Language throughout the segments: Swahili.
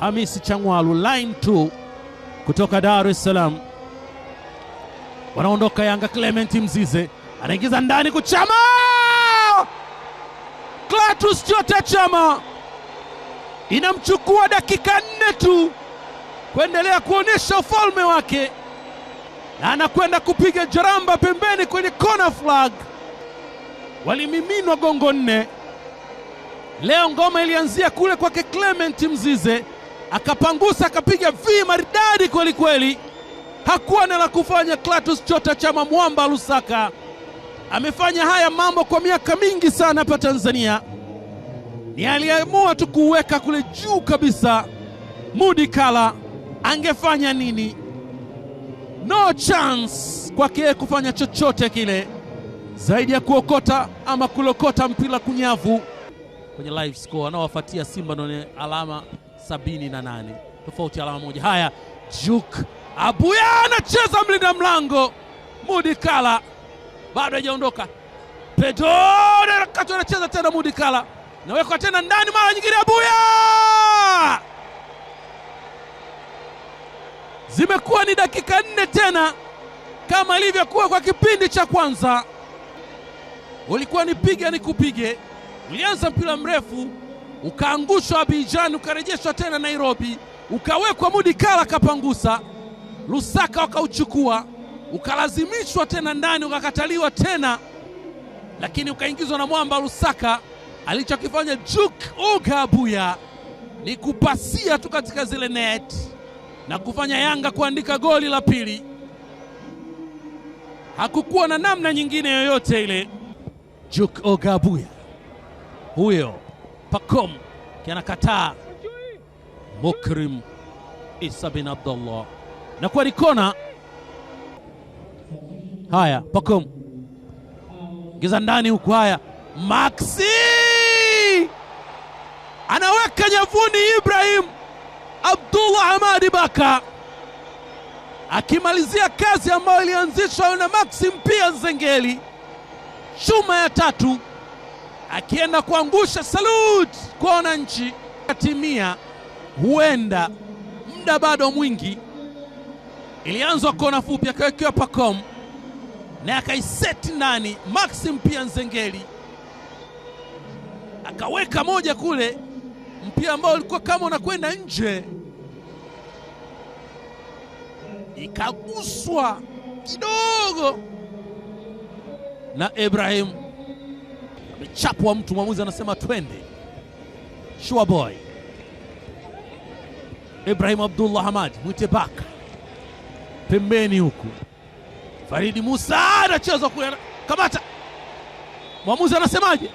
Hamisi Changwalu line 2 kutoka Dar es Salaam, wanaondoka Yanga. Clement Mzize anaingiza ndani kuchama, Clatous Chota Chama inamchukua dakika nne tu kuendelea kuonyesha ufalme wake, na anakwenda kupiga jaramba pembeni kwenye corner flag. Walimiminwa gongo nne. Leo ngoma ilianzia kule kwake Clement Mzize akapangusa akapiga vi maridadi kweli kweli, hakuwa na la kufanya. Clatous Chota Chama Mwamba Lusaka amefanya haya mambo kwa miaka mingi sana hapa Tanzania, ni aliamua tu kuweka kule juu kabisa. Mudi Kala angefanya nini? No chance kwake yeye kufanya chochote kile zaidi ya kuokota ama kulokota mpira kunyavu kwenye live score. Anaowafuatia Simba ndio alama sabini na nane tofauti alama moja. Haya, Juk Abuya anacheza mlinda mlango Mudikala bado hajaondoka. Pedro Katu anacheza tena, Mudikala nawekwa tena ndani, mara nyingine Abuya. Zimekuwa ni dakika nne tena kama ilivyokuwa kwa kipindi cha kwanza, ulikuwa ni piga ni ulianza mpira mrefu ukaangushwa Abidjan, ukarejeshwa tena Nairobi, ukawekwa Mudikala kapangusa Lusaka wakauchukua, ukalazimishwa tena ndani, ukakataliwa tena, lakini ukaingizwa na mwamba Lusaka. Alichokifanya juk uga abuya ni kupasia tu katika zile net na kufanya Yanga kuandika goli la pili. Hakukuwa na namna nyingine yoyote ile. juk Ogabuya huyo Pacom anakataa. Mukrim Isa bin Abdullah na kwa kona. Haya, Pacom giza ndani huku. Haya, Maxi anaweka nyavuni. Ibrahim Abdullah Hamadi Baka akimalizia kazi ambayo ilianzishwa na Maxi Mpia Nzengeli, chuma ya tatu akienda kuangusha salute kwa wananchi katimia. Huenda muda bado mwingi, ilianzwa kona fupi, akawekewa pacom na akaiseti ndani. Maxim pia Nzengeli akaweka moja kule, mpira ambao ulikuwa kama unakwenda nje, ikaguswa kidogo na Ibrahim anachapwa mtu, mwamuzi anasema twende. Sure boy Ibrahim Abdullah Hamad, mwite baka pembeni huku. Faridi Musa anachezwa kule, kamata. Mwamuzi anasemaje?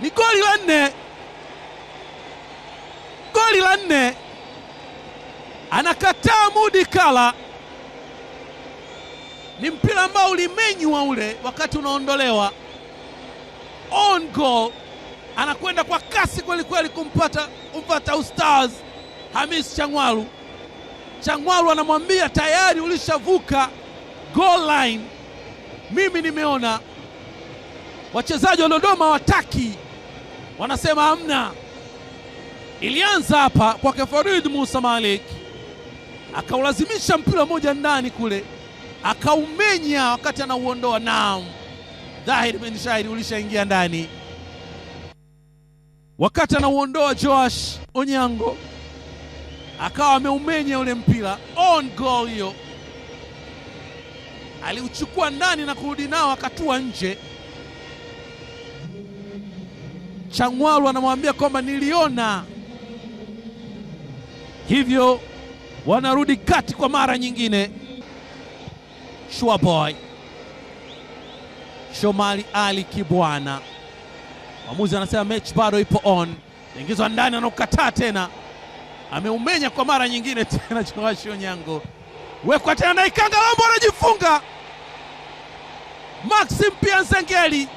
Ni goli la nne, goli la nne. Anakataa Mudi Kala. Ni mpira ambao ulimenywa ule wakati unaondolewa on goal, anakwenda kwa kasi kweli kweli kumpata kumpata Ustaz Hamis Changwalu. Changwalu anamwambia tayari ulishavuka goal line, mimi nimeona. Wachezaji wa Dodoma wataki, wanasema hamna. Ilianza hapa kwake Farid Musa Malik, akaulazimisha mpira mmoja ndani kule, akaumenya wakati anauondoa. Naam dhahiri bin shahiri ulishaingia ndani. Wakati anauondoa Joash Onyango akawa ameumenya ule mpira on goal, hiyo aliuchukua ndani na kurudi nao, akatua nje. Changwalu anamwambia kwamba niliona hivyo, wanarudi kati kwa mara nyingine. Sure boy Shomari Ali Kibwana. Mwamuzi anasema mechi bado ipo on, naingizwa ndani, anaukataa tena, ameumenya kwa mara nyingine tena. Joash Onyango wekwa tena na Ikanga Lambo anajifunga. Maxim Pia Nzengeli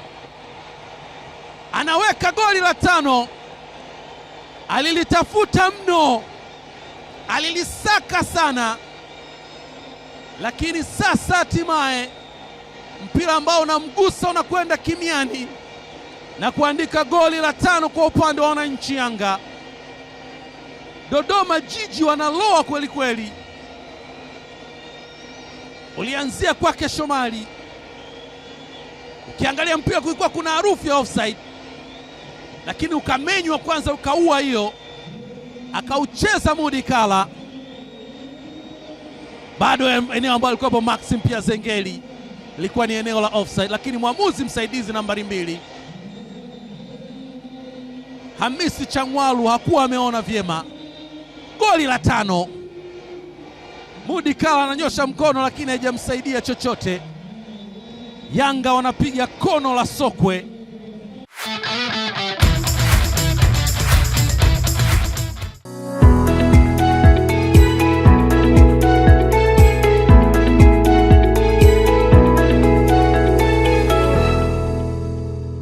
anaweka goli la tano. Alilitafuta mno, alilisaka sana, lakini sasa hatimaye mpira ambao unamgusa unakwenda kimiani na kuandika goli la tano kwa upande wa wananchi Yanga. Dodoma Jiji wanaloa kweli kweli. Ulianzia kwake Shomari, ukiangalia mpira kulikuwa kuna harufu ya offside, lakini ukamenywa kwanza, ukaua hiyo, akaucheza Mudi Kala, bado eneo ambalo alikuwepo Maxim pia Zengeli ilikuwa ni eneo la offside, lakini mwamuzi msaidizi nambari mbili Hamisi Changwalu hakuwa ameona vyema. Goli la tano, Mudi Kala ananyosha mkono, lakini haijamsaidia chochote. Yanga wanapiga kono la sokwe